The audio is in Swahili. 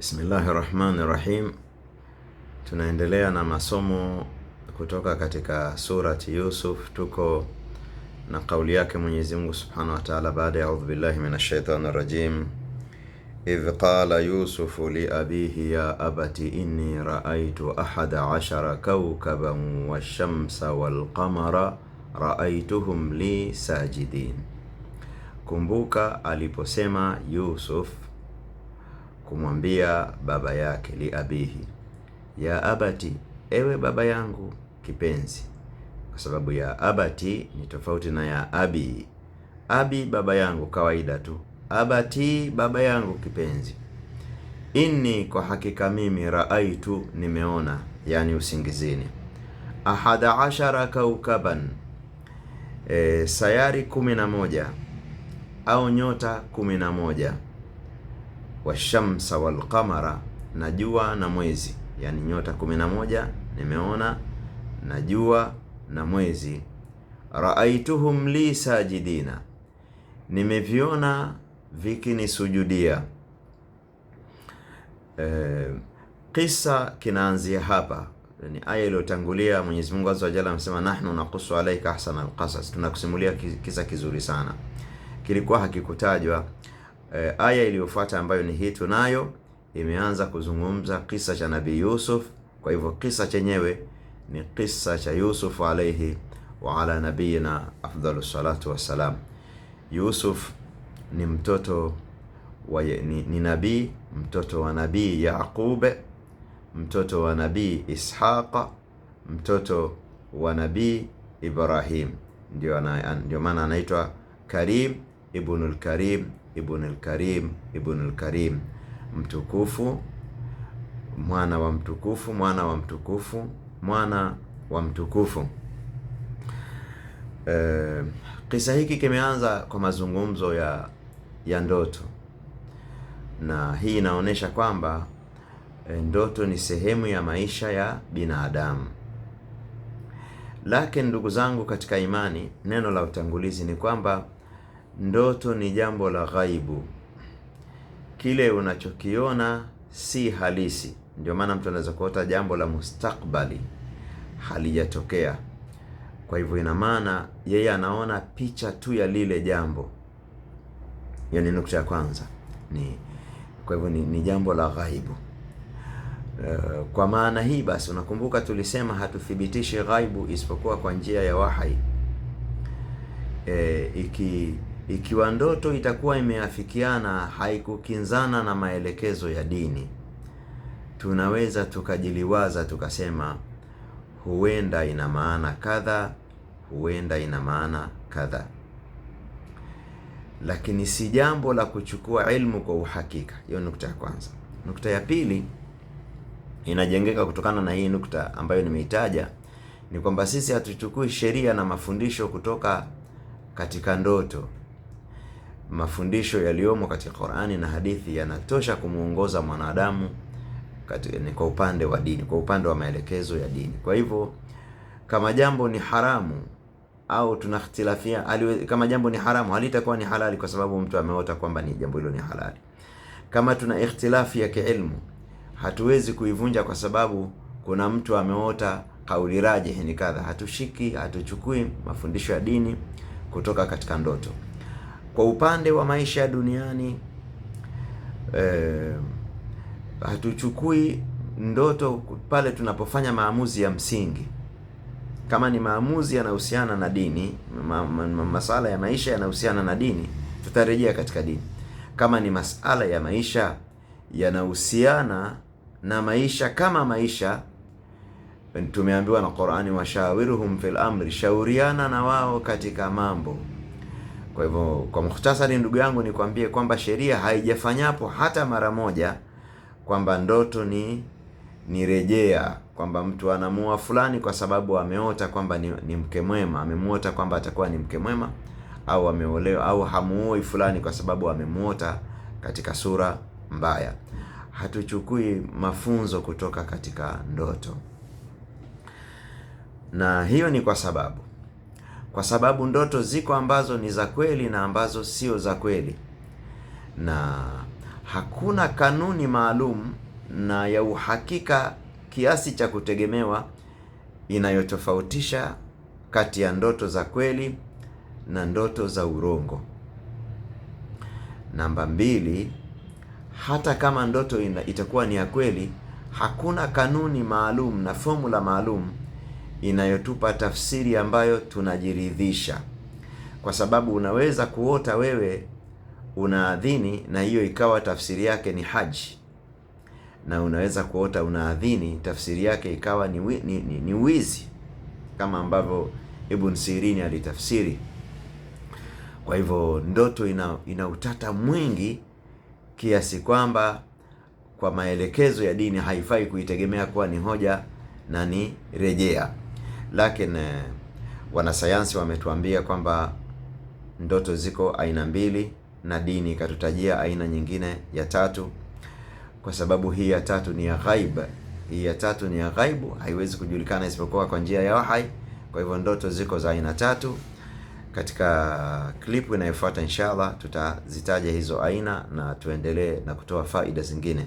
Bismillahi rahmani rahim. Tunaendelea na masomo kutoka katika surati Yusuf, tuko na kauli yake Mwenyezi Mungu subhanahu wa taala baada ya audhu billahi min shaitani rajim, idh qala yusufu liabihi ya abati inni raaitu ahada ashara kawkaban washamsa walqamara raaituhum li sajidin. Kumbuka aliposema Yusuf kumwambia baba yake liabihi, ya abati, ewe baba yangu kipenzi, kwa sababu ya abati ni tofauti na ya abi. Abi baba yangu kawaida tu, abati baba yangu kipenzi. Inni, kwa hakika mimi, raaitu, nimeona, yani usingizini, ahada ashara kaukaban e, sayari kumi na moja au nyota kumi na moja washamsa walqamara, na jua na mwezi, yani nyota kumi na moja nimeona na jua na mwezi. Raaituhum li sajidina, nimeviona vikinisujudia. E, kisa kinaanzia hapa ni aya iliyotangulia. Mwenyezi Mungu azza wajalla amesema nahnu naqussu alaika ahsana alqasas, tunakusimulia kisa kizuri sana, kilikuwa hakikutajwa e, aya iliyofuata ambayo ni hii tunayo imeanza kuzungumza kisa cha Nabii Yusuf. Kwa hivyo kisa chenyewe ni kisa cha Yusuf alayhi wa ala nabiyina afdalu salatu wassalam. Yusuf ni mtoto wa, ni, ni nabii mtoto wa nabii Yaqube, mtoto wa nabii Ishaqa, mtoto wa nabii Ibrahim, ndio maana anaitwa Karim ibnul Karim Ibn al-Karim, Ibn al-Karim, mtukufu, mwana wa mtukufu, mwana wa mtukufu, mwana wa mtukufu. E, kisa hiki kimeanza kwa mazungumzo ya ya ndoto, na hii inaonyesha kwamba e, ndoto ni sehemu ya maisha ya binadamu. Lakini ndugu zangu katika imani, neno la utangulizi ni kwamba Ndoto ni jambo la ghaibu, kile unachokiona si halisi. Ndio maana mtu anaweza kuota jambo la mustakbali halijatokea. Kwa hivyo, ina maana yeye anaona picha tu ya lile jambo. Hiyo ni nukta ya kwanza, ni kwa hivyo ni, ni jambo la ghaibu. Eh, kwa maana hii basi, unakumbuka tulisema hatuthibitishi ghaibu isipokuwa kwa njia ya wahai. E, iki ikiwa ndoto itakuwa imeafikiana, haikukinzana na maelekezo ya dini. Tunaweza tukajiliwaza tukasema, huenda ina maana kadha, huenda ina maana kadha, lakini si jambo la kuchukua ilmu kwa uhakika. Hiyo nukta ya kwanza. Nukta ya pili inajengeka kutokana na hii nukta ambayo nimeitaja, ni kwamba sisi hatuchukui sheria na mafundisho kutoka katika ndoto. Mafundisho yaliyomo katika Qur'ani na hadithi yanatosha kumuongoza mwanadamu kwa upande wa dini, kwa upande wa maelekezo ya dini. Kwa hivyo kama jambo ni haramu au tunakhtilafia aliwe, kama jambo ni haramu halitakuwa ni halali kwa sababu mtu ameota kwamba ni jambo hilo ni halali. Kama tuna ikhtilafi ya kiilmu hatuwezi kuivunja kwa sababu kuna mtu ameota kauli rajih ni kadha, hatushiki hatuchukui mafundisho ya dini kutoka katika ndoto. Kwa upande wa maisha ya duniani eh, hatuchukui ndoto pale tunapofanya maamuzi ya msingi. Kama ni maamuzi yanahusiana na dini, ma, ma, ma, masala ya maisha yanahusiana na dini, tutarejea katika dini. Kama ni masala ya maisha yanahusiana na maisha kama maisha, tumeambiwa na Qur'ani, washawiruhum fi lamri shauriana na wao katika mambo. Kwa hivyo kwa muhtasari, ndugu yangu, nikwambie kwamba sheria haijafanyapo hata mara moja kwamba ndoto ni ni rejea, kwamba mtu anamuoa fulani kwa sababu ameota kwamba ni, ni mke mwema, amemuota kwamba atakuwa ni mke mwema au ameolewa, au hamuoi fulani kwa sababu amemuota katika sura mbaya. Hatuchukui mafunzo kutoka katika ndoto, na hiyo ni kwa sababu kwa sababu ndoto ziko ambazo ni za kweli na ambazo sio za kweli, na hakuna kanuni maalum na ya uhakika kiasi cha kutegemewa inayotofautisha kati ya ndoto za kweli na ndoto za urongo. Namba mbili, hata kama ndoto itakuwa ni ya kweli, hakuna kanuni maalum na fomula maalum inayotupa tafsiri ambayo tunajiridhisha, kwa sababu unaweza kuota wewe unaadhini na hiyo ikawa tafsiri yake ni haji, na unaweza kuota unaadhini tafsiri yake ikawa ni, wi, ni, ni, ni wizi kama ambavyo Ibn Sirini alitafsiri. Kwa hivyo ndoto ina, ina utata mwingi kiasi kwamba kwa maelekezo ya dini haifai kuitegemea kuwa ni hoja na ni rejea. Lakini eh, wanasayansi wametuambia kwamba ndoto ziko aina mbili na dini ikatutajia aina nyingine ya tatu, kwa sababu hii ya tatu ni ya ghaib. Hii ya tatu ni ya ghaibu, haiwezi kujulikana isipokuwa kwa njia ya wahai. Kwa hivyo ndoto ziko za aina tatu. Katika klipu inayofuata, inshallah tutazitaja hizo aina na tuendelee na kutoa faida zingine.